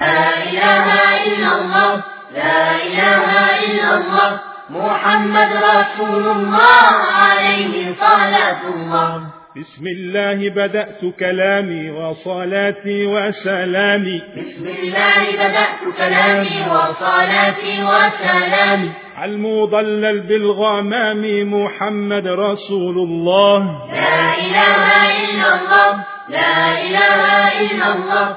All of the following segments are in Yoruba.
لا إله إلا الله لا إله إلا الله محمد رسول الله عليه صلاة الله بسم الله بدأت كلامي وصلاتي وسلامي بسم الله بدأت كلامي وصلاتي وسلامي المضلل بالغمام محمد رسول الله لا إله إلا الله لا إله إلا الله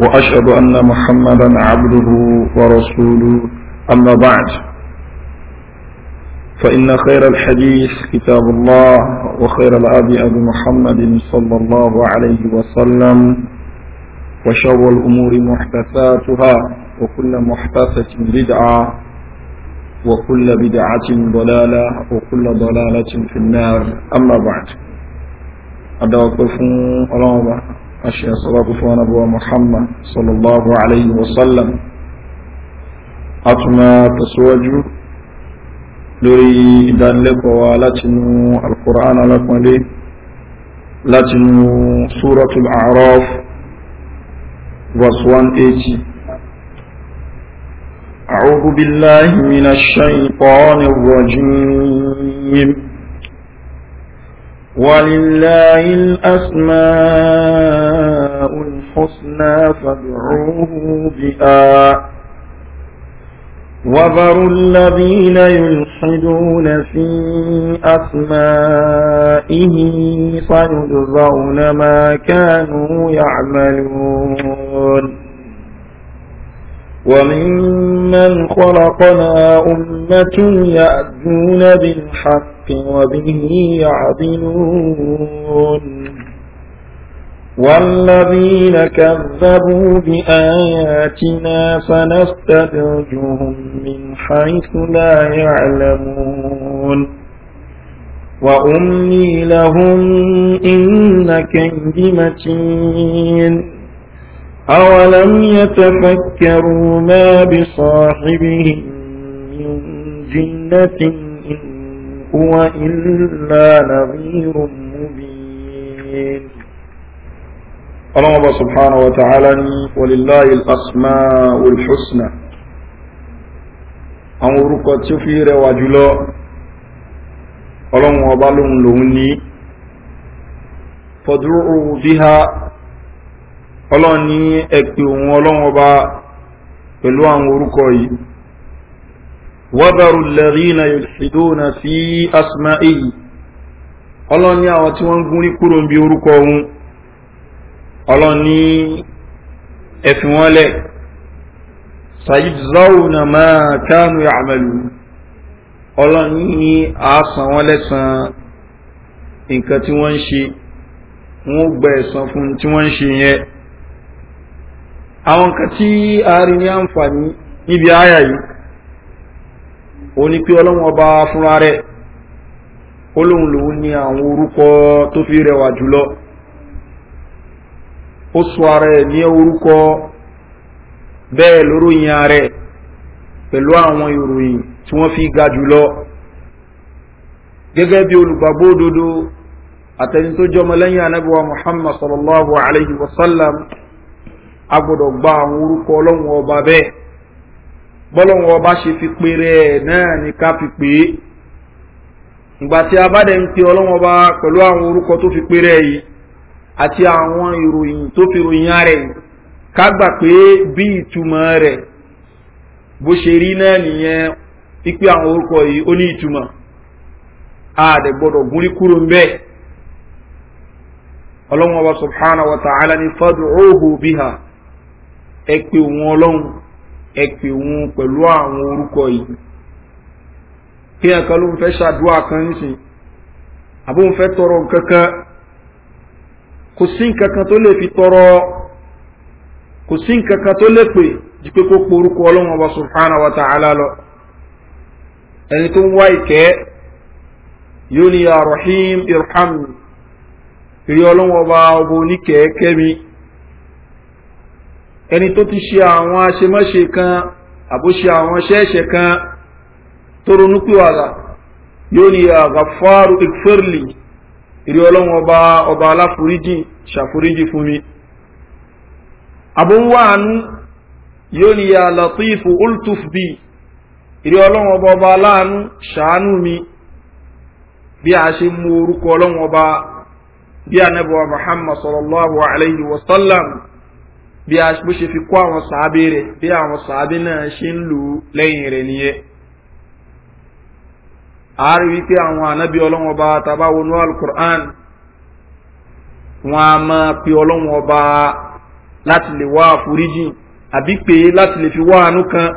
وأشهد أن محمدا عبده ورسوله أما بعد فإن خير الحديث كتاب الله وخير الأبي أبي محمد صلى الله عليه وسلم وشر الأمور محدثاتها وكل محدثة بدعة وكل بدعة ضلالة وكل ضلالة في النار أما بعد أدعوكم الله aṣe àṣọ́lákú fún anábọ́wà muhammad sallallahu alayhi wa sallam a tún máa tẹ̀síwájú lórí ìdánilẹ́kọ̀ọ́ wa látinú alkùrán alápọ̀lé látinú suratul a'raf verse 180 أعوذ بالله من الشيطان الرجيم ولله الأسماء الحسنى فادعوه بها وذروا الذين يلحدون في أسمائه سيجزون ما كانوا يعملون وممن خلقنا أمة يأتون بالحق وبه يعدلون والذين كذبوا بآياتنا فنستدرجهم من حيث لا يعلمون وأملي لهم إن كيد متين أولم يتفكروا ما بصاحبهم من جنة إن هو إلا نظير مبين الله سبحانه وتعالى ولله الأسماء الحسنى أمرك تفير وجلاء ó fi لوني فادعوا بها ọlọ́run ní ẹ̀pẹ̀ òun ọlọ́run ọba pẹ̀lú àwọn orúkọ yìí wọ́bẹ̀rù lẹ́rìnà ìṣìdónà sí asma èyí ọlọ́run ní àwọn tí wọ́n ń gúnrí kúrò ń bí orúkọ òun ọlọ́run ní ẹ̀fìn wọn lẹ̀ sayidzauna máa kánú àmàlù ọlọ́run ní àásán wọn lẹ́sàn nǹkan tí wọ́n ń ṣe wọ́n gbẹ̀ ẹ̀sán fún tí wọ́n ń ṣe yẹn àwọn nǹkan tí ààrin ní àǹfààní níbi àyà yìí ó ní pé ọlọ́run ọba fúnra rẹ̀ ó lóun lòun ní àwọn orúkọ tó fi rẹwà jùlọ ó sọ ara ẹ̀ ní orúkọ bẹ́ẹ̀ lóróyìn ara pẹ̀lú àwọn ìròyìn tí wọ́n fi ga jùlọ gẹ́gẹ́ bí olùgbàgbó òdodo àtẹni tó jọmọ lẹ́yìn anábíwá muhammad sallallahu alayhi wa sallam a gbọ́dọ̀ gba àwọn orúkọ ọlọ́run ọba bẹ́ẹ̀ bọ́lọ́run ọba ṣe fi péré ẹ̀ náà ni ká fi pè é ìgbà tí a bá dẹ̀ ń pe ọlọ́run ọba pẹ̀lú àwọn orúkọ tó fi péré ẹ̀ yìí àti àwọn ìròyìn fi ròyìn rẹ̀ ká gbà pé bí ìtumọ̀ rẹ̀ bó ṣe rí náà nìyẹn pípé àwọn orúkọ yìí ó ní ìtumọ̀ a dẹ̀ gbọ́dọ̀ kúrò ń bẹ́ẹ̀ ọlọ́run ọba subhanahu wa ta'ala ni ẹ pè wọn ọlọ́run ẹ pè wọn pẹ̀lú àwọn orúkọ yìí kí ẹ̀kan ló ń kan si àbó ń fẹ́ tọrọ kankan kò sí nkankan tó fi tọrọ kò sí nkankan tó lè pè ju pé kó pe orúkọ ọlọ́run ọba subhana lọ ẹni tó ń wá ìkẹ́ ya rahim irham ìrí ọlọ́run ọba ọba ẹni tó ti ṣe àwọn aṣemọ́ṣe kan àbóṣe àwọn ṣẹ́ẹ̀ṣẹ̀ kan tó ronú pìwàdà yóò ní àgàfáàrù ìfẹ́rìlì ìrí ọlọ́run ọba ọba aláforíjì ṣàforíjì fún mi àbúwàánú yóò ní àlàtífù ultufbi ìrí ọlọ́run ọba ọba aláàánú ṣàánú mi bí a ṣe mú orúkọ ọlọ́run ọba bí anábọ̀ muhammad sallallahu alayhi wa sallam bí a bó ṣe fi kó àwọn sàábé rẹ bí àwọn sàábé náà ṣe ń lu lẹ́yìn rẹ̀ nìyẹn àwọn ànábì ọlọ́wọ́n ọba taba wọnú alukur'an wọn a máa pe ọlọ́wọ́n ọba láti lè wá àforíjì àbí pé láti lè fi wá àánú kan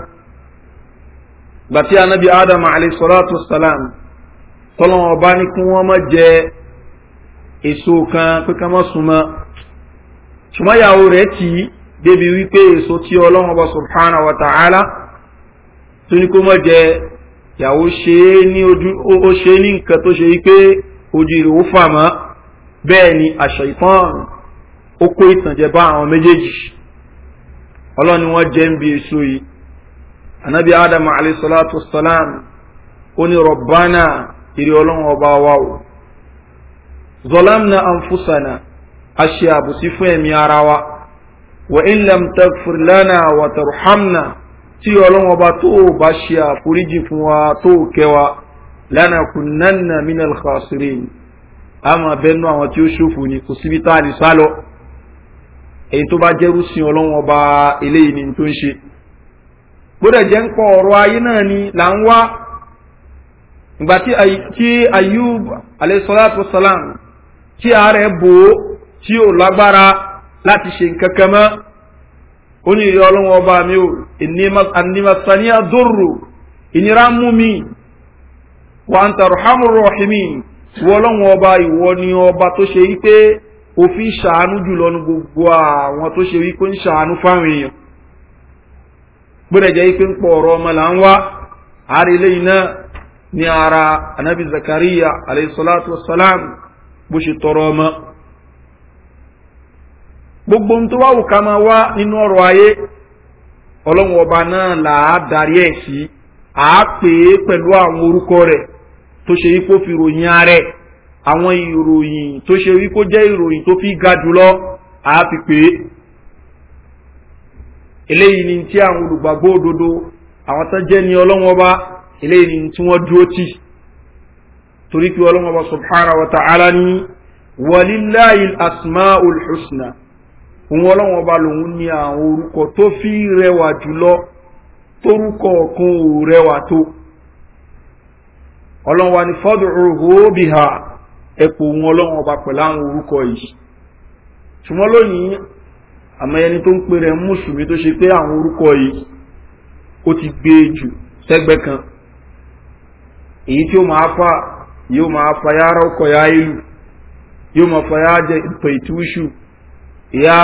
gbàtí adam alayhisalatu salam tọ́lọ́wọ́n ọba ní kí wọ́n má jẹ èso ṣùgbọ́n ìyàwó rẹ̀ tì í débi wípé èso tí ọlọ́run ọba subhana wa ta'ala tó ní kó mọ̀ jẹ ìyàwó ṣe é ní ojú ó ṣe é ní nǹkan tó ṣe wípé ojú ìrò fà mọ́ bẹ́ẹ̀ ni àṣà ìtàn ó kó ìtànjẹ bá àwọn méjèèjì ọlọ́run ni wọ́n jẹ́ ń bi èso yìí anabi adam alayhi salatu wassalam ó ní rọ̀bánà ìrì ọlọ́run ọba wa o zọlámnà anfusana a ṣe àbùsí fún ẹ̀mí ara wa wa in lam tagfir lana wa tarhamna tí ọlọ́run ọba tó o bá ṣe àforíjì fún wa tó o kẹ́ wa lanakunanna minal khasirin a máa bẹ́ẹ̀ nú àwọn tí ó ṣòfò ní kò síbi tá a lè sá lọ èyí tó bá jẹ́rú sin ọlọ́run ọba eléyìí ni tó ń ṣe bódà jẹ́ ń pọ̀ ọ̀rọ̀ ayé náà ni là ń wá ìgbà tí ayub alayhi salatu wa salam tí ààrẹ bò ó tí ò lágbára láti ṣe nǹkan kan mọ́ ó ní ìrẹ́ ọlọ́wọ́n ọba mi ò ànímọ̀sáníà dòrò ìnira ń mú mi wà ń tàrọ̀ hámúrò ọ̀hìnmí ìwọ ọlọ́wọ́n ọba ìwọ ni ọba tó ṣe wípé òfin ṣàánú jùlọ ní gbogbo àwọn tó ṣe wípé ń ṣàánú fáwọn èèyàn gbọ́dọ̀ jẹ́ wípé ń pọ̀ ọ̀rọ̀ ọmọ là ń wá àárẹ̀ eléyìí náà ní ara anabi zakariya alayhi salatu wa salam bó ṣe tọrọ ọmọ gbogbo ohun tó wá wù ká máa wá nínú ọ̀rọ̀ ayé ọlọ́run ọba náà là á darí ẹ̀ sí à á pè é pẹ̀lú àwọn orúkọ rẹ̀ tó ṣe wípé ó fi ròyìn ààrẹ àwọn ìròyìn tó ṣe wípé ó jẹ́ ìròyìn tó fi ga jùlọ à á fi pè é eléyìí ni tí àwọn olùgbàgbọ́ òdodo àwọn tó jẹ́ ní ọlọ́run ọba eléyìí ni tí wọ́n dúró tì torí pé ọlọ́run ọba subhanahu wa ta'ala ni wàlíláyìí asmaul husna. òun ọlọ́wọ́n ọba lòun ní àwọn orúkọ tó fi rẹwà jùlọ torúkọ ọ̀kan ò rẹwà tó ọlọ́wọ́n ni fọdụrụ rògbòbìhà ẹ̀pọ̀ òun ọlọ́wọ́n ọba pẹ̀lú àwọn orúkọ yìí ṣùgbọ́n lónìí àmọ́ ẹni tó ń pè rẹ̀ mùsùlùmí tó ṣe pé orúkọ yìí ó ti gbé e jù sẹ́gbẹ́ kan èyí tí ó máa fa yóò máa fa ọkọ̀ yá ìlú yóò máa fa ìpè ya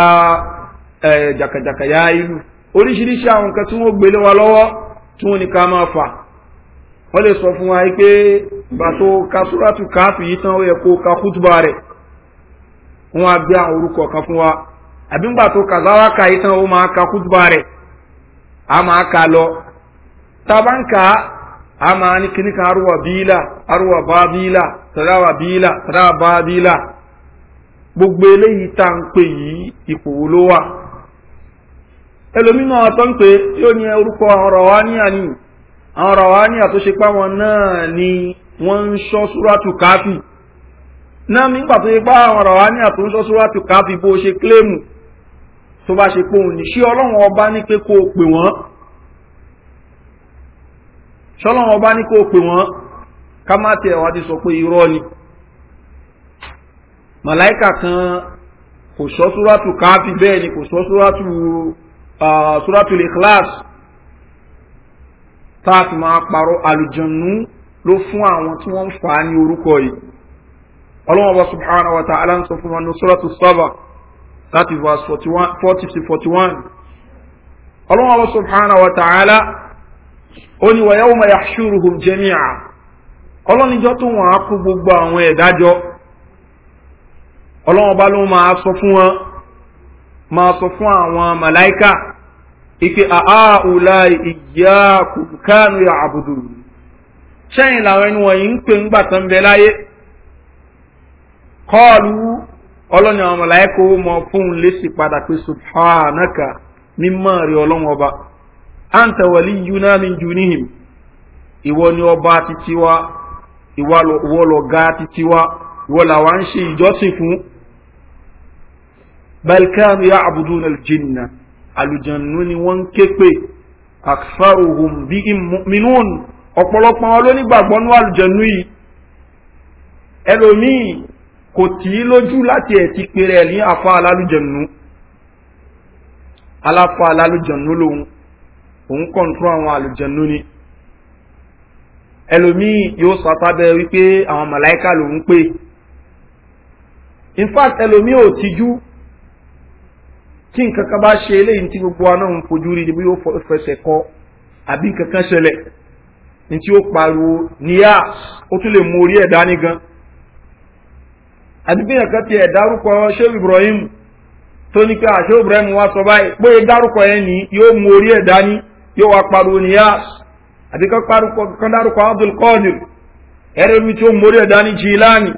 jàkàjàkà ya ìlú oríṣiríṣi àwọn nǹkan tí wọ́n gbélé wa lọ́wọ́ tí wọ́n ní ká máa fà wọ́n lè sọ fún wa pé ka káàfì yìí tán ó yẹ kó ka kútùbà rẹ̀ wọ́n á gbé àwọn orúkọ kan fún wa àbí yìí tán a máa lọ a máa ní gbogbo eléyìí tá ń pè yìí ipò wo ló wà ẹlòmínú àwọn tó ń pè yóò ní orúkọ Rawaniya ni àwọn Rawaniya tó ṣe páwọn náà ni wọ́n ń ṣọ́ súrátù káfí náà nígbà tó ṣe pá àwọn Rawaniya tó ń ṣọ́ súrátù káfí bó ṣe tó bá ṣe ní ọlọ́run ọba ní pé kó o pè wọ́n ṣọlọ́run ọba ní kó o pè wọ́n ká má tiẹ̀ wá ti sọ pé irọ́ ni. màláìkà kan kò sọ súrátù káàfì bẹ́ẹ̀ ni kò sọ súrátù súrátù lè tá a fi máa parọ́ àlùjọ̀nù ló fún àwọn tí wọ́n ń fà á ní orúkọ yìí ọlọ́wọ́n verse forty to forty one ọlọ́wọ́n bá subhanahu wa ta'ala ó ní wàyáwó ma yàṣúrù hùm jẹ́míà ọlọ́nijọ́ tó wọ́n á gbogbo àwọn ọlọ́wọ́n bá ló máa sọ fún wọn máa sọ fún àwọn màláìkà ike àá ùlà ìyá kùkánù yà àbùdù ṣẹ́yìn làwọn ẹni wọ̀nyí ń pè ń gbàtà ń bẹ láyé kọ́ọ̀lù ọlọ́ni àwọn màláìkà ó mọ fún un lésì padà pé subhanaka mímọ́ rí ọlọ́wọ́n ọba àǹtà wàlí yúná mi jù níhìn ìwọ ni ọba titiwa ìwọ lọ ga titiwa ìwọ làwọn ń ṣe ìjọsìn fún balkan ya abudun aljinna alujannu ni wọn ké pé aksaruhum bí minun ọ̀pọ̀lọpọ̀ wọn ló nígbàgbọ́ ní alujannu yìí ẹlòmíì kò tí í lójú láti ẹ̀ ti pèrè ẹ̀ ní afa alálùjẹ̀nu aláfa alálùjẹ̀nu lòun òun kọ̀ǹtún àwọn àlùjẹ̀nu ni ẹlòmíì yóò sátábẹ́ wípé àwọn màláìka lòun pé in fact ẹlòmíì ò tijú tí nǹkan kan bá ṣe eléyìí tí gbogbo wa náà ń fojú rí ni bí ó fẹsẹ̀ kọ àbí nǹkan kan ṣẹlẹ̀ ní tí ó pariwo níyà ó tún lè mú orí ẹ̀ dání gan àbí bí nǹkan ti ẹ̀ dárúkọ ṣéwì ibrahim tó ní pé àṣẹ ibrahim wá sọ báyìí pé dárúkọ yẹn ni yóò mú orí ẹ̀ dání yóò wá pariwo níyà àbí kan dárúkọ abdul qadir ẹ̀rẹ́ mi tí ó mú orí ẹ̀ dání jìlá ni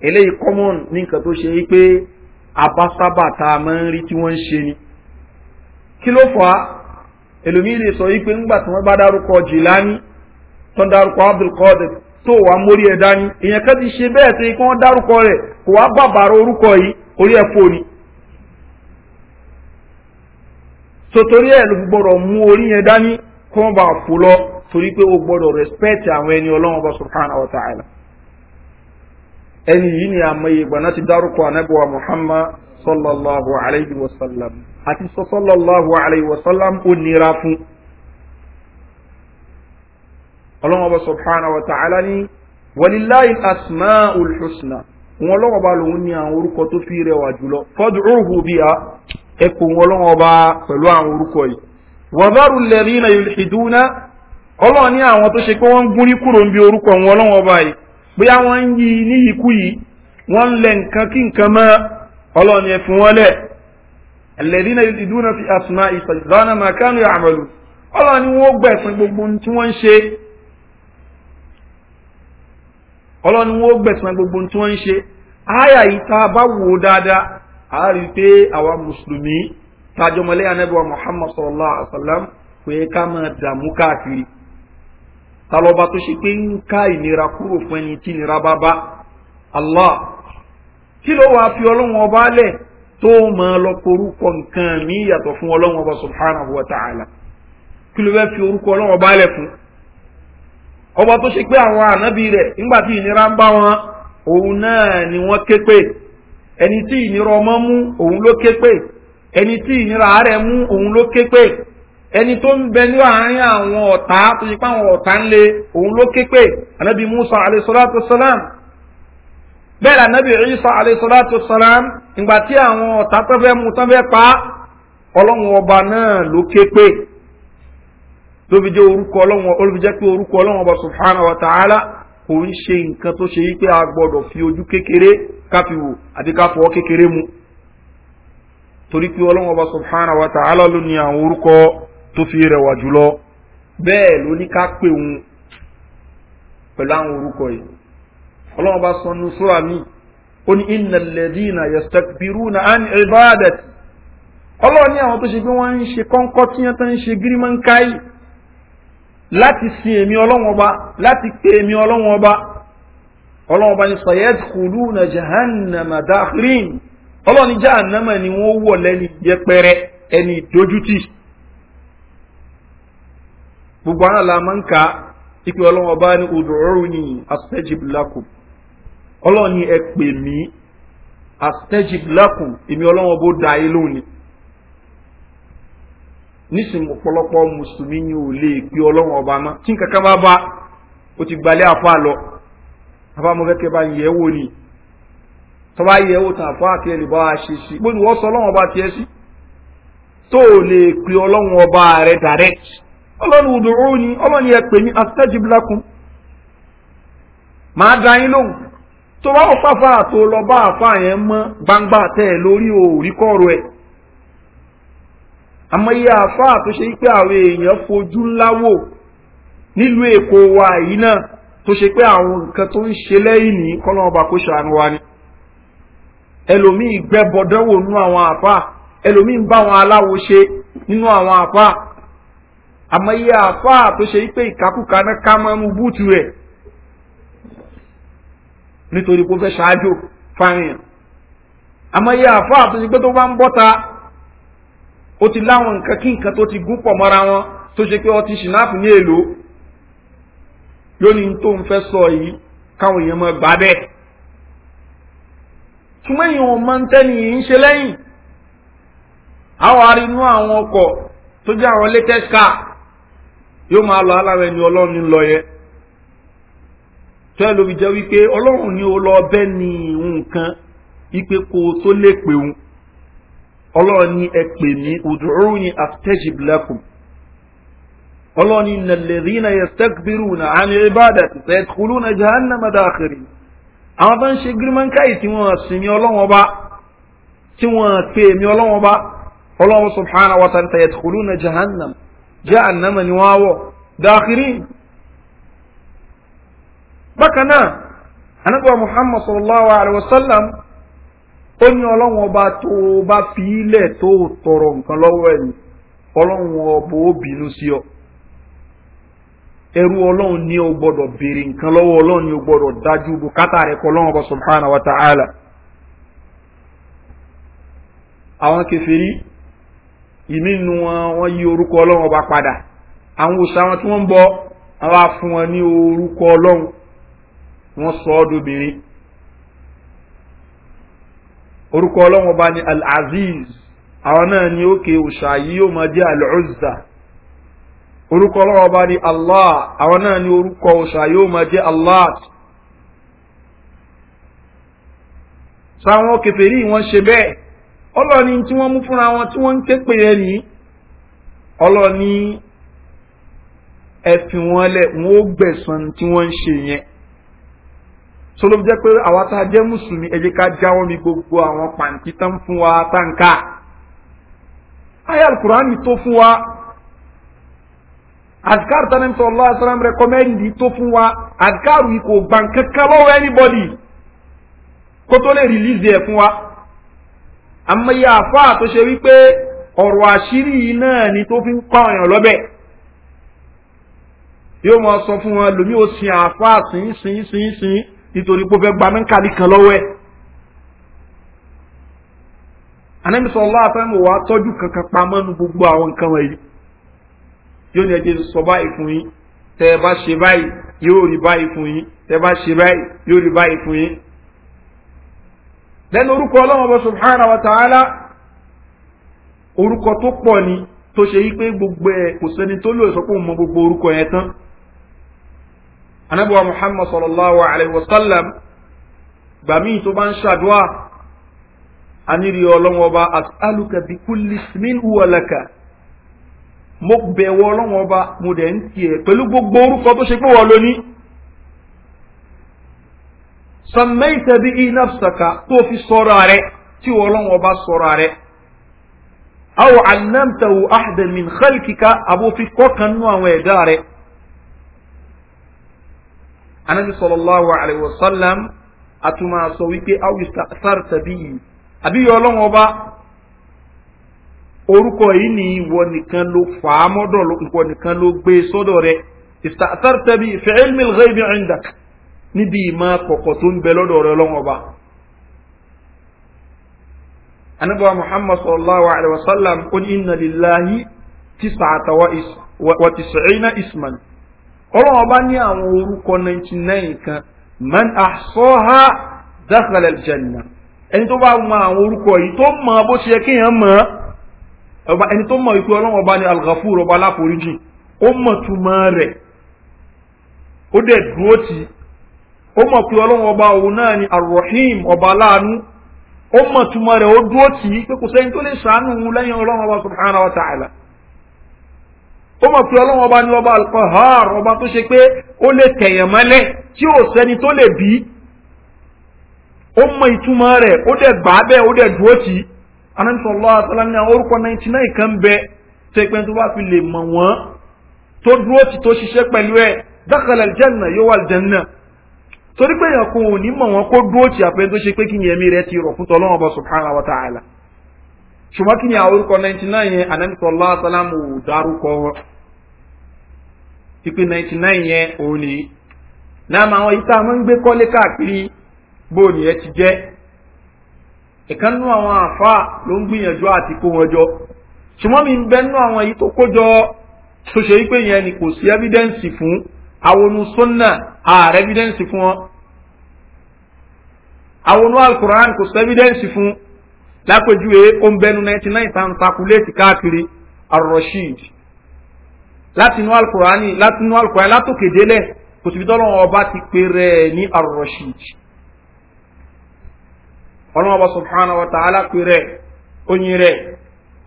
eléyìí kọ́mọ̀n ní nǹkan tó ṣe yí pé àbásábà tá a máa ń rí tí wọ́n ń ṣe ni kí ló fà á ẹlòmíì lè sọ wípé ńgbà tí wọ́n bá dárúkọ jìlání tó ń dárúkọ abdulkadir tó wàá mórí ẹ̀ dání èèyàn kan ti ṣe bẹ́ẹ̀ tó yẹ kí wọ́n dárúkọ rẹ̀ kò wá bàbàrà orúkọ yìí orí ẹ̀ fò ni. sotori ẹ̀ ló gbọ́dọ̀ mú orí yẹn dání kó wọ́n bá fò lọ torí pé o gbọ́dọ̀ respect àwọn ẹni ọlọ́wọ́n bá subhanahu wa ta'ala ẹni yìí ni àmọye ìgbàna ti dárúkọ anábíwá muhammad sallallahu alayhi wa sallam àti sọ sallallahu alayhi wa sallam ó nira fún ọlọ́wọ́ bá subhanahu wa ta'ala ni walilayi asma ulhusna wọn lọ́wọ́ bá lòun ní àwọn orúkọ tó fi rẹwà jùlọ fọ́dúrúhù bí a ẹkùn wọn lọ́wọ́ bá pẹ̀lú àwọn orúkọ yìí wàzárù lẹ́rìnà yìí hìdúnà ọlọ́ọ̀ ní àwọn tó ṣe pé wọ́n ń gúnrí kúrò ń bí orúkọ wọn lọ́wọ́ báyìí bóyá wọ́n ń yí i níyìíkúyìí wọ́n ń lẹ nǹkan kí nǹkan mọ́ ọlọ́run na fún wọn lẹ̀ alladhina yulhiduna fi asma'i subhana ma kanu ya'malu ọlọ́run ni wọ́n gbogbo tí wọ́n ń ṣe gbogbo tí wọ́n ń ṣe yìí tá a bá wò ó dáadáa a rí i pé àwa mùsùlùmí ta ọba tó ṣe pé ń ká ìnira kúrò fún ẹni tí ìnira bá bá allah kí ló wàá fi ọlọ́run ọba lẹ̀ tó máa lọ korúkọ nǹkan mi fún ọlọ́run ọba subhanahu wa ta'ala kí ló fi orúkọ ọlọ́run ọba lẹ̀ fún ọba tó ṣe pé àwọn ànábì rẹ̀ nígbà tí ìnira ń bá wọn òun náà ọmọ mú òun ló ké ẹni tí ìnira àárẹ̀ mú ẹni tó ń bẹ ní àárín àwọn ọ̀tá tó yẹ pé àwọn ọ̀tá ń lé òun ló ké pé anabi musa alayhisalatu salam bẹ́ẹ̀ la anabi isa alayhisalatu salam ìgbà tí àwọn ọ̀tá tó fẹ́ mu tán fẹ́ pa ọlọ́run ọba náà ló ké pé tó fi jẹ́ orúkọ ọlọ́run ọba jẹ́ pé orúkọ ọlọ́run ọba subhana wa ta'ala kò ń ṣe nǹkan tó ṣe yí pé a gbọ́dọ̀ fi ojú kékeré káfi wò àti káfọ́ kékeré mu torí pé ọlọ́run ọba subhana wa ta'ala ló ní àwọn orúkọ tó fi rẹwà jùlọ bẹ́ẹ̀ ló ní ká pè òun pẹ̀lú àwọn orúkọ yìí ọlọ́run bá sọ nínú sóra mi ó ní iná lẹ́dínà yẹ̀sítẹ́kìbìrú na á ní ìbáàdẹ̀t ọlọ́run ní àwọn tó ṣe pé wọ́n ń ṣe kọ́ńkọ́ tí wọ́n tán ń ṣe gírímọ́ńkáì láti sin èmi ọlọ́run ọba láti pe èmi ọlọ́run ọba ọlọ́run ọba ní sayed kulu na jahannama dahrin ọlọ́run ní jahannama ni wọ́n wọ̀ lẹ́ni yẹpẹrẹ ẹni ìdójútì gbogbo àwọn àlàmọ́ǹkà ipe ọlọ́wọ́n bá ní odòrò ní astajiblaku ọlọ́run ní ẹ pè mí astajiblaku èmi ọlọ́wọ́n bó da ayé lónìí nísìnyí ọ̀pọ̀lọpọ̀ mùsùlùmí ni ò lè pe ọlọ́wọ́n ọba mọ́ tí nǹkan kan bá bá o ti gbalẹ̀ àfa lọ àfa mo fẹ́ kẹ́ bá yẹ̀ wò ni tọ́ba yẹ̀ wò tàn àfa àti ẹlẹ́bọ̀ àṣẹ sí gbóni wọ́n sọ ọlọ́wọ́n ọba tiẹ̀ sí tó o lè pe ọlọ́wọ́n ọba rẹ direct. ọlọ́ni wùdùrú ni ọlọ́ni ẹ pè mí astajib lakum màá da yín lóhùn tó bá wọ́n fáfá àtò lọ bá yẹn mọ́ gbangba tẹ́ ẹ lórí òòrí kọ́ọ̀rọ̀ ẹ̀ àmọ́ iye àfa tó ṣe pé àwọn èèyàn fojú ńlá wò nílùú èkó wa yìí náà tó ṣe pé àwọn nǹkan tó ń ṣe ni ẹlòmíì nínú àwọn ẹlòmíì ń bá àwọn aláwo ṣe nínú àwọn àmọ́ iye àfáà tó ṣe pé ìkakúka náà ká máa mú búùtù rẹ̀ nítorí kó fẹ́ ṣáájú fáyàn àmọ́ iye àfáà tó ṣe pé tó bá ń bọ́ta ó ti láwọn nǹkan kí nǹkan tó ti gún pọ̀ mọ́ra wọn tó ṣe pé ọtí ṣìnáàpù ní èlò lónìí tó ń fẹ́ sọ yìí káwọn èèyàn máa gbà bẹ́ẹ̀ túmọ̀ èèyàn ò máa ń tẹ́ni yìí ń ṣe lẹ́yìn àwọn arínú àwọn ọkọ̀ tó jẹ́ àwọn latest car yóò máa lọ aláwẹ̀ ni ọlọ́run ní lọ yẹ tẹ́lẹ̀ omi jẹ́ wípé ọlọ́run ní o lọ bẹ́ ni nǹkan ipe kó o tó lè pè òun ọlọ́run ní ẹ pè mí òdùrún ní àtẹ́jìbìlẹ́kùn ọlọ́run ní nàlẹ́rìnà yẹ sẹ́kbírù nà àmì ìbàdà tẹ̀ kúlù nà jahanna madàkiri àwọn tó ń ṣe gírímọ́ńkáì tí wọ́n sinmi ọlọ́run ọba tí wọ́n pè mí ọlọ́run ọba ọlọ́run subhanahu wa ta'ala tẹ̀ kúlù nà jahannama jahannama ni wọ́n á wọ̀ dàkírí. bákan náà anábọ̀ muhammad sallallahu alayhi wa sallam ó ní ọlọ́wọ́n ọba tó o bá fi ilẹ̀ tó o tọrọ nǹkan lọ́wọ́ ẹ̀ ọlọ́wọ́n ọba ó bínú sí ọ ẹrú ọlọ́run ní o gbọ́dọ̀ béèrè nǹkan lọ́wọ́ ọlọ́run ní o gbọ́dọ̀ dájú bùkátà rẹ̀ kọ́ lọ́wọ́ ọba subhanahu wa ta'ala. àwọn kẹfìrí ìmí nu wọn wọ́n yí orúkọ ọlọ́run ọba padà àwọn òòsà wọn tí ń bọ àwọn á fún wọn ní orúkọ ọlọ́run wọ́n sọ ọlọ́run ọba ni al àwọn náà ni òkè òòsà yìí yóò máa al orúkọ ọlọ́run ọba ni allah àwọn náà ni orúkọ òòsà yóò máa allah sáwọn wọn ṣe ọlọ́ọ̀ni tí wọ́n mú fúnra wọn tí wọ́n ń ké pè é ní ọlọ́ọ̀ni ẹ̀fìn wọn lẹ̀ wọ́n ó gbẹ̀sán tí wọ́n ń ṣe yẹn sọlọ́ jẹ́ pé àwa tá a jẹ́ mùsùlùmí ẹ̀jẹ̀ ká jáwọ́ mi gbogbo àwọn pàǹtí tán fún wa tá n ká ayé tó fún wa azikar tani sọ ọlọ́ asalam rẹkọmẹ́ndì tó fún wa azikar yìí kò gbàǹkankan lọ́wọ́ anybody kótó lè rìlíìsì ẹ̀ fún wa àmọye àfáà tó ṣe wípé ọ̀rọ̀ àṣírí náà ni tó fi ń pa ọ̀yàn lọ́bẹ̀ yóò mọ sọ fún wọn lómi ó sin àfáà sín sín sín sín nítorí pé ó fẹ́ gba mẹ́ńkàlì kan lọ́wọ́ ẹ̀ anẹ́mi sọ ọlá àfẹ́mọ̀ wa tọ́jú kankan pamọ́ nu gbogbo àwọn nǹkan wọ̀nyí yóò ní ẹjẹ́ sọ báyìí fún yín tẹ́ ẹ bá ṣe báyìí yóò rí báyìí fún yín tẹ́ ẹ bá ṣe báyìí yóò rí báyìí fún yín lẹ́nu orúkọ ọlọ́run ọba subhanahu wa ta'ala orúkọ tó pọ̀ ni tó ṣe wípé gbogbo ẹ̀ kò sẹ́ni tó lóye pé mọ gbogbo orúkọ yẹn tán anabiwa muhammad sallallahu alayhi wa sallam gbàmí tó bá ń ṣàdúrà aniri ọlọ́wọ́ bá mo bẹ̀wọ̀ ọlọ́wọ́ bá mo sàmẹ́yìtà bí iná sàkà tó fi sọ̀rọ̀ rẹ̀ tí wọ́lọ́wọ́ bá sọ̀rọ̀ rẹ̀ awo alamtawo ahda min khalkika abo fi kọkan nu àwọn ẹ̀dá rẹ̀ anabi sallallahu alayhi wa sallam atuma sọ wípé awo sarta bí yìí àbí yọlọ́wọ́ bá orúkọ yìí ni ìwọ nìkan ló fà á mọ́dọ̀ ìwọ nìkan ló gbé sọ́dọ̀ rẹ̀ ìsàtàrtàbí fẹ́ẹ́lmìlì rẹ̀ níbi ìmọ̀ kọ̀kọ̀ tó ń bẹ lọ́dọ̀ ọ̀rọ̀ ọlọ́wọ́n ọba. anabawa muhammad sallallahu alaihi wa sallam ó ní inna lillahi tisata wa tisina isman ọlọ́wọ́n ọba ní àwọn orúkọ ninety nine kan man ahsọ́ha dakhala aljanna ẹni tó bá mọ àwọn orúkọ yìí tó mọ bó ṣe yẹ kéèyàn mọ ẹni tó mọ ìpè ọlọ́wọ́n ọba ní alghafur ọba aláforíjì ó mọ̀ túmọ̀ rẹ̀ ó dẹ̀ dúró tì ó mọ̀ pé ọlọ́run ọba òun náà ni arrohim ọba aláàánú ó mọ̀ túmọ̀ rẹ̀ ó dúró tì í pé kò sẹ́yìn tó lè sàánú òun lẹ́yìn ọlọ́run ọba subhanahu wa ta'ala ó mọ̀ pé ọlọ́run ọba ni ọba alkohar ọba tó ṣe pé ó lè tẹ̀yàn mọ́lẹ̀ tí ò sẹ́ni tó lè bí ó mọ ìtumọ̀ rẹ̀ ó dẹ̀ gbà bẹ́ẹ̀ ó dẹ̀ dúró tì í anamsọ̀lọ́ àtàlámì orúkọ 99 kan bẹ tẹ́pẹ́ tó bá fi lè mọ̀ wọ́n tó dúró tì tó ṣiṣẹ́ pẹ̀lú ẹ̀ dákàlẹ̀ jẹ́nà yóò wà jẹ́nà torí pé èèyàn kan ò ní mọ̀ wọn kó dúró tì àpẹẹrẹ tó ṣe pé kí ni ẹ̀mí rẹ ti rọ̀ fún tọ́lọ́wọ́n bá subhana wa ta'ala ṣùgbọ́n kí ni ninety nine yẹn anamisọ Salamu ò dárúkọ ìpín ninety nine yẹn òun ni láàmú àwọn yìí tá a máa ń gbé kọ́lé káàkiri ti jẹ́ ìkànnú àwọn àfa ló ń gbìyànjú àti kó àwọn onísọ́nà ààrẹ evidence fún wọn àwọn onú alukur'an kò sọ evidence fún lápèjúwe ó ń bẹnu ninety nine tan takuléètì káàkiri arrashid láti inú alukur'an láti inú alukur'an látòkè délẹ̀ kò sì fi tọ́lọ́ ọba ti pè rẹ̀ ní arrashid ọlọ́mọba subhanahu wa ta'ala pè rẹ̀ oyin rẹ̀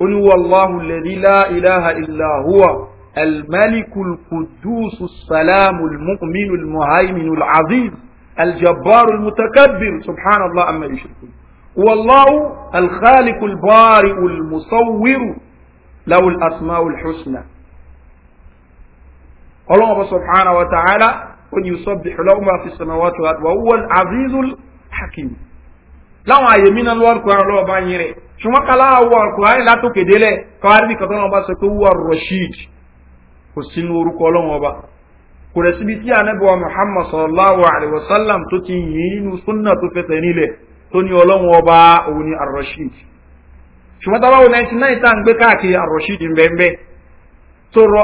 oníwàlláhu lè rí láìláha ìlàhùwà. الملك القدوس السلام المؤمن المهيمن العظيم الجبار المتكبر سبحان الله أما يشركون والله الخالق البارئ المصور له الأسماء الحسنى الله سبحانه وتعالى أن يصبح له ما في السماوات والأرض وهو العزيز الحكيم لا àyè mí náà lọ́wọ́ الله lọ́wọ́ bá yin rẹ̀ ṣùgbọ́n kala wọ̀ kura كاربي látòkè délẹ̀ káwárí bí kàtọ́nà kò sínú orúkọ ọlọ́run ọba kò rẹ̀ síbi tí anábíwá muhammad sallallahu alayhi wa sallam tó ti yìn nínú súnà tó fẹsẹ̀ nílẹ̀ tó ní ọlọ́run ọba òun ni arrashid ṣùgbọ́n tá a bá wo ninety nine tá à ń gbé káàkiri arrashid mbẹ́mbẹ́ tó rọ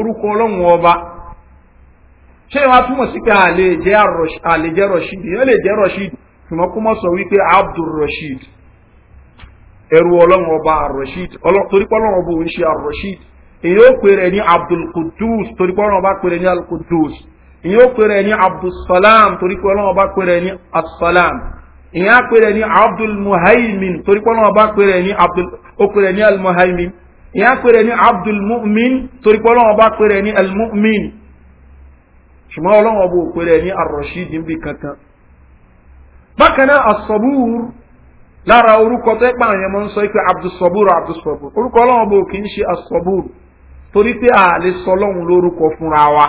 orúkọ ọlọ́run ọba ṣé wàá túmọ̀ sí pé àlè jẹ́ rashid yẹn lè jẹ́ rashid ṣùgbọ́n kó mọ̀ sọ wípé abdulrashid ẹrù ọlọ́run ọba arrashid torípọ̀ ọlọ́run ọba òun ṣe arrashid èyí ó pèrè ní abdulkudus torí pé ọlọ́run bá pèrè ní alkudus èyí ó pèrè ní abdulsalam torí pé ọlọ́run bá pèrè ní asalam èyí á pèrè ní abdulmuhaimin torí pé ọlọ́run bá pèrè ní ó pèrè ní almuhaimin èyí á pèrè ní abdulmumin torí pé ọlọ́run bá pèrè ní almumin ṣùgbọ́n ọlọ́run bó pèrè ní arọ̀ṣídì níbi kankan bákan náà asọ̀búr lára orúkọ tó ẹ̀pà àyẹ̀mọ́ ń sọ pé abdulsọ̀búr abdulsọ̀búr orúkọ ọlọ́run bó kì í ṣe asọ̀búr torí pé a lè sọ lórúkọ fúnra wa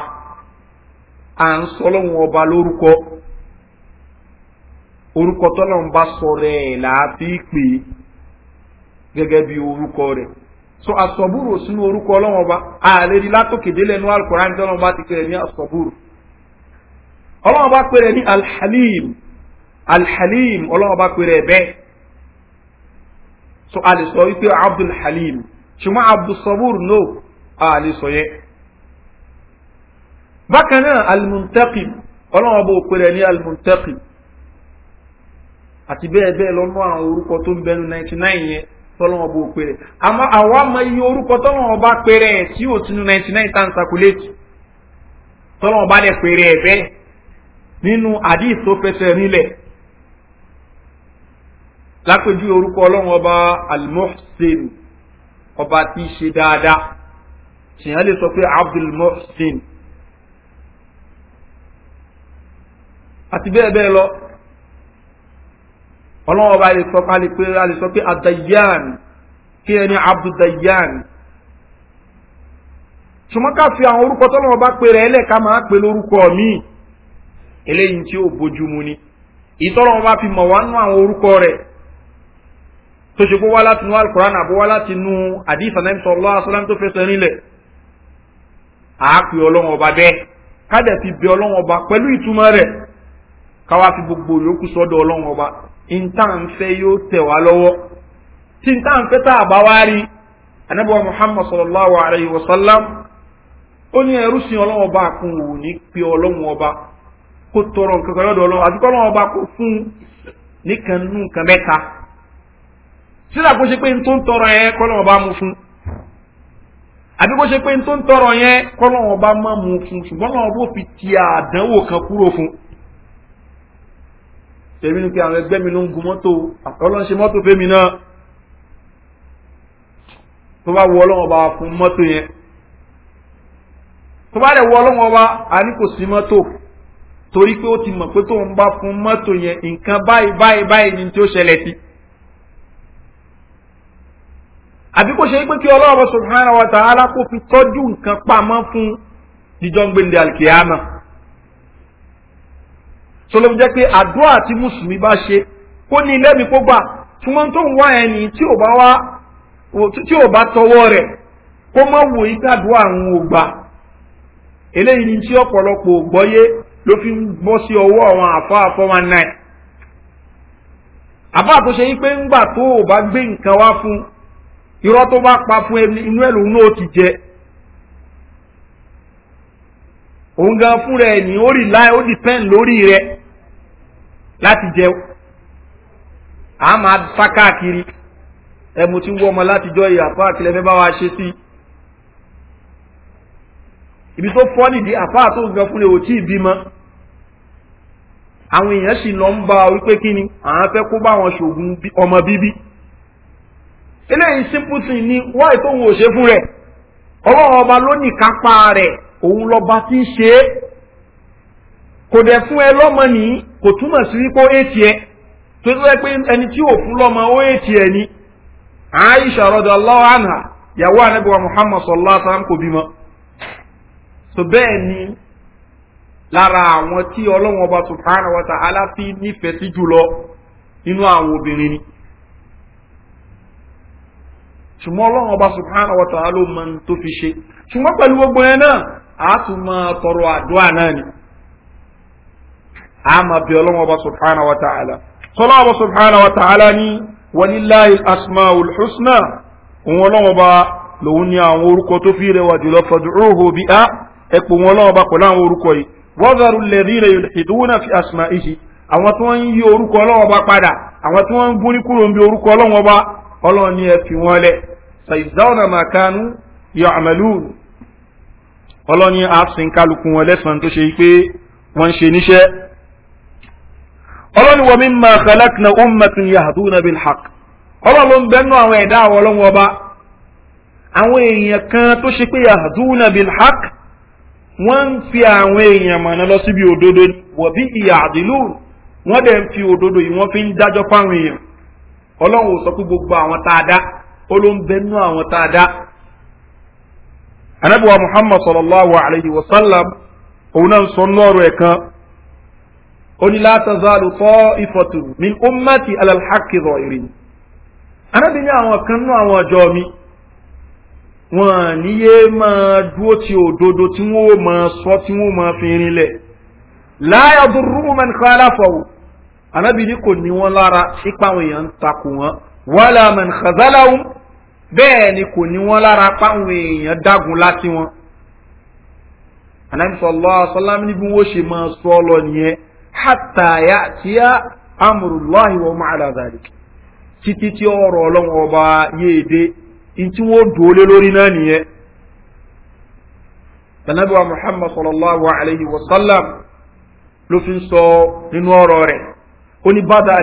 à ń ọba lórúkọ orúkọ tọ́lọ́hùn bá sọ rẹ̀ láti pè é gẹ́gẹ́ bí orúkọ rẹ̀ so asọ̀búrò sínú orúkọ ọlọ́wọ́n ọba a lè rí látòkè délẹ̀ ní alukóra ní bá ti pè rẹ̀ ní asọ̀búrò ọlọ́wọ́n bá pè ní alhalim alhalim so a lè sọ wípé abdulhalim ṣùgbọ́n no a lè sọ yẹn. bákan náà alimuntaki ọlọ́wọ́n bó pèrè ní alimuntaki àti bẹ́ẹ̀ bẹ́ẹ̀ lọ́nà àwọn orúkọ tó ń bẹnu 99 yẹn tọ́lọ́wọ́n bó pèrè àmọ́ àwa mọ iye orúkọ tọ́lọ́wọ́n bá pèrè tí ò tinú 99 tá n sakuléètì tọ́lọ́wọ́n bá dẹ̀ pèrè ẹ̀ bẹ́ẹ̀ nínú àdìs tó fẹsẹ̀ nílẹ̀ lápẹjú orúkọ ọlọ́wọ́n ọba almuhsin ọba tí í ṣe dáadáa tìyàn lè sọ pé abdul mohsin àti bẹ́ẹ̀ bẹ́ẹ̀ lọ ọlọ́wọ́ bá lè sọ pé a lè sọ pé adayan kí ẹni abdul dayan ṣùgbọ́n ká fi àwọn orúkọ tọ́lọ́wọ́ bá pè rẹ̀ ẹlẹ́ka máa pè lórúkọ míì eléyìí tí ó bójú mu ni ìtọ́lọ́wọ́ bá fi mọ̀ wá nú àwọn orúkọ rẹ̀ tó ṣe kó wá látinú alukoran àbó wá látinú àdìsàn náà sọ lọ́wọ́ asọ́lá tó fẹsẹ̀ rinlẹ̀. àápè ọlọ́wọ́n ọba bẹ́ẹ̀ kádẹ̀ fi bẹ ọlọ́wọ́n ọba pẹ̀lú ìtumọ̀ rẹ̀ káwá fi gbogbo yòókù sọ́dọ̀ ọlọ́wọ́n ọba ìntànfẹ́ yóò tẹ̀ wá lọ́wọ́ tí ìntànfẹ́ tá a bá wá rí anábọ̀ muhammad sallallahu alayhi wa sallam ó ní ọba kún tọrọ lọ́dọ̀ àti fún nìkan nù mẹ́ta pé ń tọrọ ẹ ọba fún àbí kó ṣe pé tó ń tọrọ yẹn kọ́lọ́wọ́n bá má mú fún ṣùgbọ́n lọ́wọ́ bó fi ti àdánwò kan kúrò fún. tèmi ni pé àwọn ẹgbẹ́ mi ló ń gun mọ́tò ọlọ́run ṣe mọ́tò fẹ́mi náà tó bá wọ ọlọ́wọ́n bá fún mọ́tò yẹn tó bá dẹ̀ wọ ọlọ́wọ́n bá a ní kò sí mọ́tò torí pé ó ti mọ̀ pé tóun bá fún mọ́tò yẹn nǹkan báyìí báyìí báyìí ni tí ó ṣẹlẹ̀ sí àbí kó ṣe pé kí ọlọ́run subhana wa ta'ala kó fi tọ́jú nǹkan pamọ́ fún jíjọ́ ń gbéǹde alkiyama sọlọ́mù jẹ́ pé àdúrà àti mùsùlùmí bá ṣe kó ní ilé mi kó gbà túmọ̀ tó ń wá ẹni tí ò bá wá tí ò bá tọwọ́ rẹ̀ kó mọ̀ wò yí gbàdúrà àwọn ògbà eléyìí ni tí ọ̀pọ̀lọpọ̀ gbọ́yé ló fi ń bọ́ sí ọwọ́ àwọn àfọ́ àfọ́ wọn náà àbá àtúnṣe yí pé ńgbà tó ò bá gbé nǹkan wá fún un irọ́ tó bá pa fún ẹni inú ẹ̀ lòun náà ti jẹ òun gan fún rẹ ní ó rì láì ó dìpẹ́ǹ lórí rẹ láti jẹ a máa sá káàkiri ẹmu tí ń wọ́ ọmọ látijọ́ ìyàpá àkìlẹ̀ fẹ́ bá wa ṣe sí ibi tó fọ́ nìdí àpá tó gan fún rẹ ò tí ì bímọ àwọn èèyàn sì lọ ń bá wípé kí ni àwọn fẹ́ kó bá wọn ṣògùn ọmọ bíbí. eléyìí simple thing ni why tó ń wò ṣe fún rẹ̀ ọlọ́run ọba ló ní kápá rẹ̀ òun lọ́ba tí ń ṣe é kò dẹ̀ fún ẹ lọ́mọ nìyí kò túmọ̀ sí wípé ó ètì ẹ tó tó yẹ pé ẹni tí ò fún lọ́mọ ó ètì ẹ ni aisha rọ̀dọ̀ aláwọ̀ àná yàwó ànábìwá muhammad sọlá sàm kò bímọ bẹ́ẹ̀ ni lára àwọn tí ọba fi nífẹ̀ẹ́ sí jùlọ nínú àwọn obìnrin ni. ṣùgbọ́n ọlọ́run ọba subhanahu wa ta'ala ló mọ tó fi ṣe ṣùgbọ́n pẹ̀lú gbogbo yẹn náà a tún máa tọrọ àdúrà náà ni a máa bí ọlọ́run ọba subhanahu wa ta'ala sọlá ọba subhanahu wa ta'ala ní wàlíláyé asmaul husna òun ọlọ́run ọba lòun ní àwọn orúkọ tó fi rẹwà jùlọ fàdúróhò bí a ẹ̀pọ̀ wọn ọlọ́run ọba pẹ̀lú àwọn orúkọ yìí wọ́n ọlọ́run ọba ẹ fi wọ́n lẹ̀ sayidawuna makanu yọ àmàlù ọlọ́ni àfin kálukú wọn lẹ́sàn-án tó ṣe yí pé wọ́n ń ṣe níṣẹ́ ọlọ́ni wọ́n mi máa khalak na ummatun yahaduna bil haq ọlọ́run ló ń bẹ́nu àwọn ẹ̀dá àwọn ọlọ́run ọba àwọn èèyàn kan tó ṣe pé yahaduna bil haq wọ́n ń fi àwọn èèyàn mọ̀nà lọ síbi òdodo wọ̀bí ìyá àdìlú wọ́n dẹ̀ ń fi òdodo yìí wọ́n fi ń dájọ́ fáwọn èèyàn ọlọ́run ò sọ pé gbogbo àwọn tá a dá ó ló ń bẹnu àwọn tá a dá anabiwa muhammad sallallahu alayhi wa sallam òun náà sọ nọ́ọ̀rọ̀ ẹ̀ kan ó ní látàzálù tọ́ ìfọ̀tù ní ummati alalhaki rọ̀ ìrìn anabi ní àwọn kan nú àwọn ọjọ́ mi wọn níye máa dúó ti òdodo tí wọn ó máa sọ tí wọn ó máa fi rinlẹ̀ láyà dúró man kálàfọ̀wò anabi ní kò ní wọn lára ipa àwọn èèyàn ń takò wọn wàhálà man kàzálàwùn bẹ́ẹ̀ ni kò ní wọ́n lára páwọn èèyàn dágun láti wọn anabi sọlọ sọlá ní bí wọ́n ṣe máa sọ lọ nìyẹn hàtàyà tí a amúrùláhi wọn máa títí tí ọrọ ọlọrun ọba yéèdè e ntí wọn dòólé lórí náà nìyẹn anabi wa muhammad sallallahu alayhi wa ló fi ń sọ nínú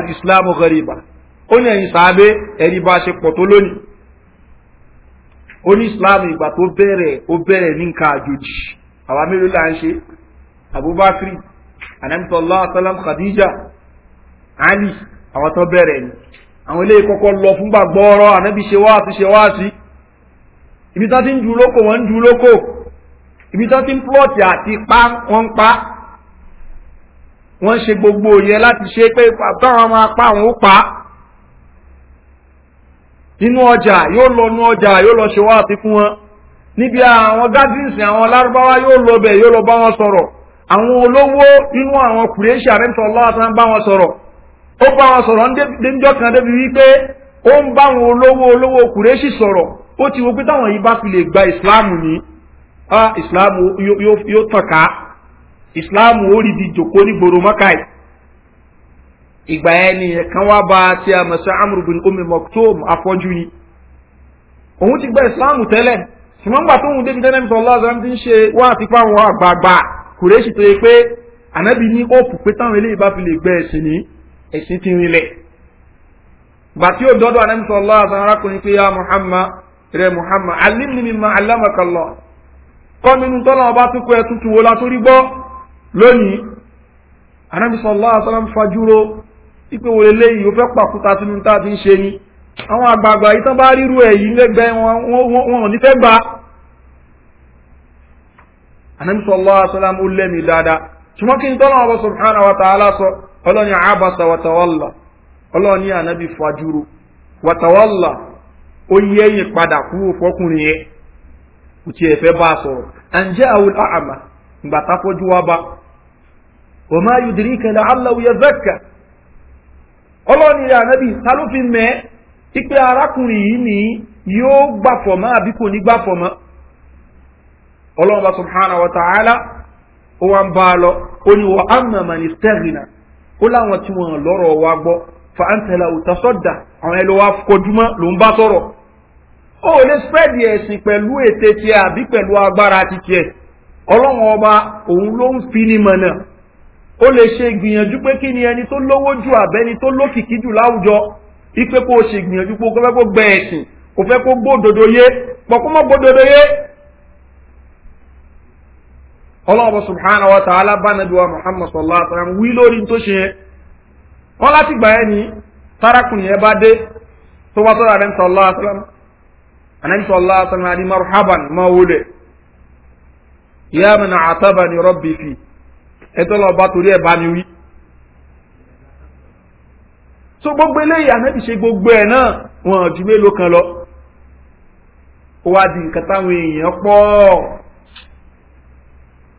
al-islam ó ní ẹ̀yin sàábé ẹ̀rí bá ṣe oní islam ìgbà tó bẹ̀rẹ̀ ó bẹ̀rẹ̀ ní nǹkan àjòjì àwa mélòó là ń ṣe abubakar anamtọ́lá asalam khadija ali àwọn tó bẹ̀rẹ̀ ni àwọn ilé kọ́kọ́ lọ fún gbàgbọ́ ọ̀rọ̀ ànábi ṣe wá sí ṣe wá sí ibi tán ti ń ju lóko wọ́n ń ju lóko ibi tán ti ń plọ̀tì àti pa wọ́n ń pa wọ́n ṣe gbogbo yẹn láti ṣe pé táwọn máa pa àwọn ó pa á. nínú ọjà yóò lọ nú ọjà yóò lọ ṣe wá àti fún wọn níbi àwọn gádínsì àwọn lárúbáwá yóò lọ bẹ yóò lọ bá wọn sọrọ àwọn olówó nínú àwọn kùrẹ́ṣì àrẹ́ntọ́ ọlọ́wọ́ta ń bá wọn sọrọ ó bá wọn sọ̀rọ̀ déńjọ́ kan débi wípé ó ń bá wọn olówó olówó kùrẹ́ṣì sọrọ ó ti wo pé táwọn yìí bá fi lè gba ìsìláàmù ní ah, ìsìláàmù yóò tàn ká ìsìláàmù ó rí di jòkó ní gbòòrò mọ́kàì ìgbà yẹn ni kan wá bá tí a mọ̀sán amúrù bin omi mọ̀kútóm afọ́jú ni òun ti gba ìsìláàmù tẹ́lẹ̀ ṣùgbọ́n gbà tó ń débi tẹ́lẹ̀ sọ ọlọ́ọ̀sán ti ń ṣe wá àti fáwọn àgbààgbà kùrẹ́ṣì tó yẹ pé ànábì ní òpù pé táwọn eléyìí bá fi lè gbẹ ẹ̀sìn ní ẹ̀sìn ti rinlẹ̀ gbà tí ó dọ́dọ̀ ànábì sọ ọlọ́ọ̀sán arákùnrin pé ya muhammad rẹ muhammad alimni ma alamakalọ kọ́ nínú ikpe wòlé léyìí ó fẹ́ pàkúta sínú tá a ti ń ṣe ni àwọn àgbààgbà yìí tán bá ríru ẹ̀ yìí lẹ́gbẹ̀ẹ́ wọn ò ní fẹ́ gbà. ó dáadáa ṣùgbọ́n kí n tọ́lọ́ ọba subhanahu wa ta'ala sọ ọlọ́ni àbàṣà wàtàwọ́lá ọlọ́ni ànábi fàjúrò wàtàwọ́lá ó yẹ ẹ̀yìn padà kúrò fọkùnrin yẹn kò tiẹ̀ fẹ́ bá a sọ̀rọ̀ àǹjẹ́ àwọn àmà ìgbà tá a fọ́jú wa ọlọ́ni rẹ̀ ànábì ta ló fi mẹ́ ipe arákùnrin yìí ni yóò gbà fọ̀mọ́ àbí kò ní gbà fọ̀mọ́ ọlọ́run bá subhana wa ta'ala ó wá ń bá a lọ ó ní wọ́n amàmà ní stẹ́rìnà ó láwọn tí wọ́n lọ́rọ̀ wa gbọ́ fa á ń tẹ̀lé sọ́dà àwọn ẹlò wa kọjúmọ́ ló ń bá sọ̀rọ̀ ó lè spreadi ẹ̀sìn pẹ̀lú ète tiẹ̀ àbí pẹ̀lú agbára ti ọlọ́run ọba òun ló ń fi ní mọ̀nà ó lè ṣe ìgbìyànjú pé kí ni ẹni tó lówó ju àbẹ́ni tó lókìkí jù láwùjọ ipe kó o ṣe ìgbìyànjú pé o fẹ́ kó gbẹ ẹ̀sìn o fẹ́ kó gbódodo yé pọ̀kúmọ́ gbódodo yé ọlọ́ọ̀bọ̀ subhana wa ta'ala bánadùwà muhammad sallallahu alaihi wa sallam wí lórí tó ṣe yẹn wọ́n láti gbà ẹ́ ní tarakùn yẹn bá dé tó sọ́dọ̀ wọlé yá mi nà àtàbà ni rọ́bì fi. ẹtọ́ lọ bá torí ẹ̀ bá mi wí. so gbogbo eléyìí ànábì ṣe gbogbo ẹ̀ náà wọn ju mélòó kan lọ ó wá di nǹkan táwọn èèyàn pọ̀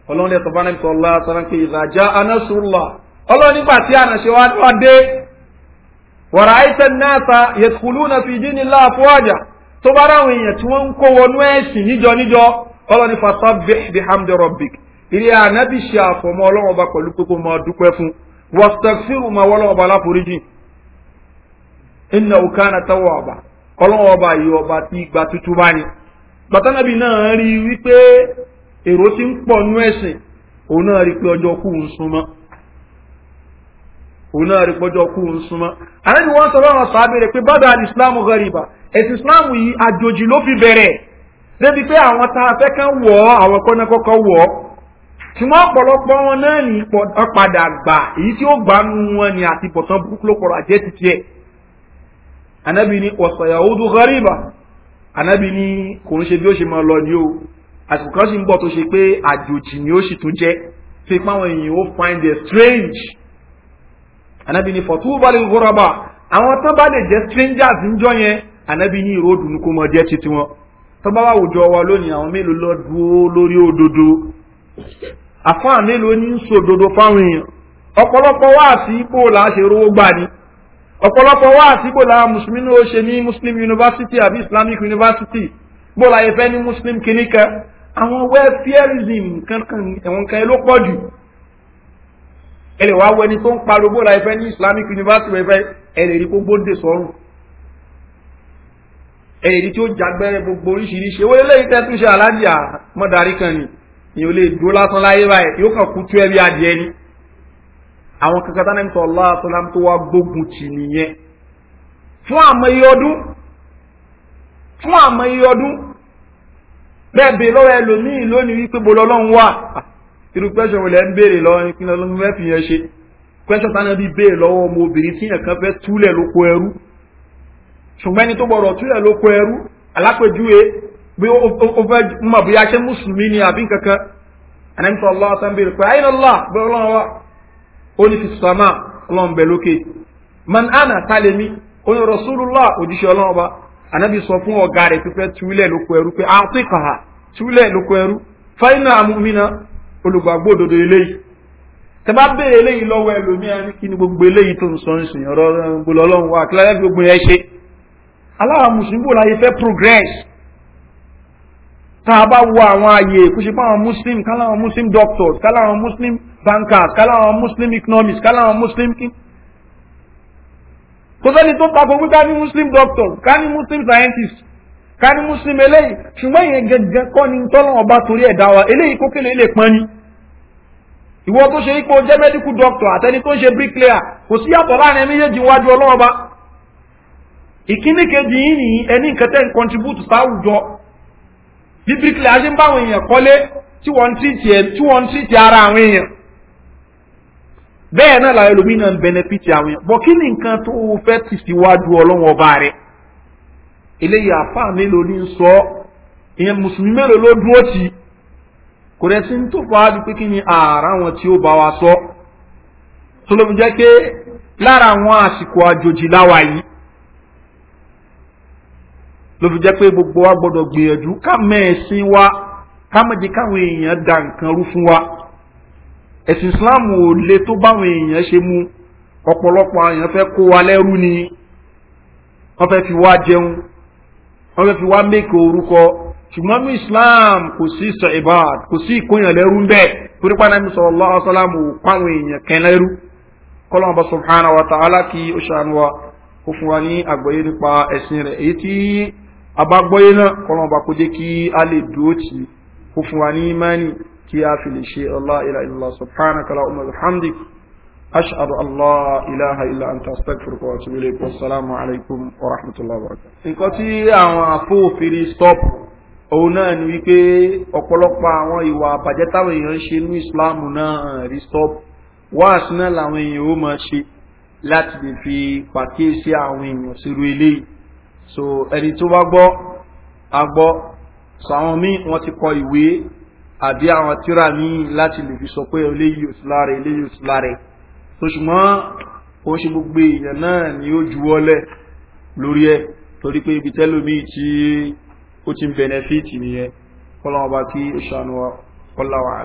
ọlọ́run ẹ̀sọ́ bá nàìjíríà ọlá sọ́nà pé ìlàjà anásùrùlà ọlọ́run nígbà tí ànàṣe wa dé wàrà àìsàn náà ta yẹtùkùlù náà fi dín ní láàfọ́ àjà tó bá ráwọn èèyàn tí wọ́n ń kó wọnú ẹ̀sìn níjọ níjọ ọlọ́run ní fàtàbí bihamdi rọ̀bìkì ìrì ànábì ṣe àfọ̀mọ́ ọlọ́wọ́n ba pẹ̀lú pé kó máa dúpẹ́ fún wọ́stẹ̀fíìrù máa wọ́lọ́wọ́n ọba láforíjì ìnà òkàna tọ́wọ́ ọba ọlọ́wọ́n ba yìí ọba ti gba tuntun bá ní. gbàtànàbì náà rí i wípé èrò ti ń pọ̀ nú ẹ̀sìn òun náà rí i pé ọjọ́ kù ń súnmọ́ òun náà rí pọ́jọ́ pé bàbá alìsílámù gọ̀rìbà ẹ̀sìn ìsìlámù yìí àjòjì ló fi bẹ̀rẹ̀ pé àwọn tá ṣùgbọ́n ọ̀pọ̀lọpọ̀ wọn náà ní padà gbà èyí tí ó gbà nù wọn ni àti bọ̀tán burúkú ló kọ̀rọ̀ àjẹ́ ti tiẹ̀ anabi ni ọ̀sọ̀ yahudu ghariba anabi ni kò ń ṣe bí ó ṣe máa lọ ni o àsìkò kan sì ń bọ̀ tó ṣe pé àjòjì ni ó sì tún jẹ́ ṣe pé àwọn èèyàn ó find it strange anabi ni fọ̀tú balẹ̀ ghoraba àwọn tán bá lè jẹ́ strangers ń jọ yẹn anabi ní ìró òdùnnú kó mọ jẹ́ titi wọn tọ́ àfáà mélòó ní sòdodo fáwọn èèyàn ọ̀pọ̀lọpọ̀ wá sí ipò là á ṣe rówó gbà ni ọ̀pọ̀lọpọ̀ wá sí ipò là mùsùlùmí ní ó ṣe ní muslim university àbí islamic university bó la yẹ ní muslim kìnìkan àwọn welfareism kankan ẹ̀wọ̀n kan ló pọ̀ jù ẹlẹ wàá wẹni tó ń pariwo bóla ẹfẹ ní islamic university ẹfẹ ẹlẹ rí gbogbo ń dè sọrùn ẹlẹ rí tí ó jagbẹrẹ gbogbo oríṣiríṣi owó eléyìí tẹtún ṣe aláàjì àmọdarí kan ni ni o lè dúró lásán láyé báyìí yóò kàn kú tú ẹbí adìẹ ni àwọn kankan tánà nítorí ọlọ́wà tó lám tó wá gbógun tì nìyẹn fún àmọ́ iye ọdún fún àmọ́ iye ọdún bẹ́ẹ̀ bè lọ́wọ́ ẹlòmíì lónìí wípé bo lọ́lọ́run wà irú pẹ́sọ̀ wọlé ń béèrè lọ́wọ́ ní kí lọ́lọ́run fi yẹn ṣe pẹ́sọ̀ tánà bí béèrè lọ́wọ́ ọmọ obìnrin tí yẹn kan fẹ́ túlẹ̀ lóko ẹrú ṣùgbọ́n ẹni tó gbọ́dọ̀ túlẹ̀ lóko ẹrú alápèjúwe bí ó mma bụ bóyá ṣé mùsùlùmí ni àbí kankan ànábì sọ ọlọ́wọ́ sọ ń bèrè pé àyìn ọlọ́ bí ọlọ́wọ́ wa ó ní fi sàmà ọlọ́run bẹ̀ lókè man ana tálẹ̀mí ó ní rọ̀ṣúlùlá òjíṣẹ́ ọlọ́wọ́ ba ànábì fún ọ̀gá tẹ bá béèrè eléyìí ẹlòmíà ní kí ni gbogbo eléyìí tó ń sọ ń sìn wa gbogbo yẹn ṣe tá a bá wo àwọn ààyè kúṣe pé àwọn muslim káláwọn muslim doctors káláwọn muslim bankers káláwọn muslim economists káláwọn muslim king kò sẹ́ni tó takò pé ká ní muslim doctors ká ní muslim scientists ká ní muslim eléyìí ṣùgbọ́n ìyẹn gẹ́gẹ́ kọ́ ni tọ́lọ́wọ́n bá torí ẹ̀dá wa eléyìí kó kéle lè pọ́n ni ìwọ tó ṣe ipò jẹ́ medical doctor àtẹni tó ń ṣe bricklayer kò sí yàtọ̀ láàrin méjèèjì wájú ọlọ́wọ́ bá ìkíní kejì yìí bí bíríkìlà ṣe ń bá àwọn èèyàn kọ́lé tí wọ́n ń tìtì ẹ̀ tí wọ́n ń tìtì ara àwọn èèyàn bẹ́ẹ̀ náà làwọn ẹlòmíín náà ń bẹnẹfìtì àwọn èèyàn bọ̀ kí ni nǹkan tó o fẹ́ ti síwájú ọlọ́wọ́n ọba rẹ̀ eléyìí àfa mélòó ní sọ ìyẹn mùsùlùmí mélòó ló dúró tì kò rẹ̀ sí ń tó fọ́ adu pé kí ni ààrà wọn tí ó bá wa sọ tó ló fi jẹ́ pé lára àwọn àsìkò àjòjì láwa yìí ló fi jẹ́ pé gbogbo wa gbọ́dọ̀ gbìyànjú ká mẹ́ẹ̀sìn wa ká mọ̀jẹ́ káwọn èèyàn da nǹkan rú fún wa ẹ̀sìn islam ò le tó báwọn èèyàn ṣe mú ọ̀pọ̀lọpọ̀ àyàn fẹ́ kó wa lẹ́rú ni wọ́n fẹ́ fi wá jẹun wọ́n fẹ́ fi wá méèkì orúkọ ṣùgbọ́n ní islam kò sí sọ ibad kò sí ìkóyàn lẹ́rú ń bẹ́ẹ̀ torí abagbọ́yé náà kọ́nà ọba kó jẹ́ kí a lè dúró tì í kó fún wa ní imani kí a fi lè ṣe allah ila illa subhanahu kala umar alhamdi ashadu allah ilaha illa anta astagfirka wa tumi ilaykum assalamu alaikum wa rahmatullahi wa barakatuh. nǹkan tí àwọn afófin stop òun so ẹni tó bá gbọ́ agbọ́ so àwọn míì wọ́n ti kọ ìwé àbí àwọn tíra míì láti lè fi sọ pé eléyìí ò sí láre eléyìí ṣùgbọ́n ó ṣe gbogbo èèyàn náà ni ó juwọ́lẹ̀ lórí ẹ̀ torí pé ibi tẹ́lómi tí ó ti ń benefit nìyẹn kọ́lọ́wọ́n bá kí ó ṣàánú ọláwàá